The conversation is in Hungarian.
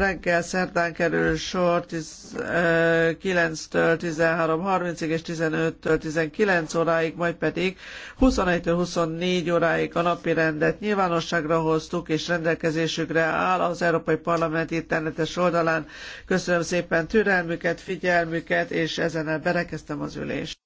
Reggel szerdán kerül sor 9-től 13.30-ig és 15-től 19 óráig, majd pedig 21-től 24 óráig a napi rendet nyilvánosságra hoztuk, és rendelkezésükre áll az Európai Parlament internetes oldalán. Köszönöm szépen türelmüket, figyelmüket, és ezen berekeztem az ülést.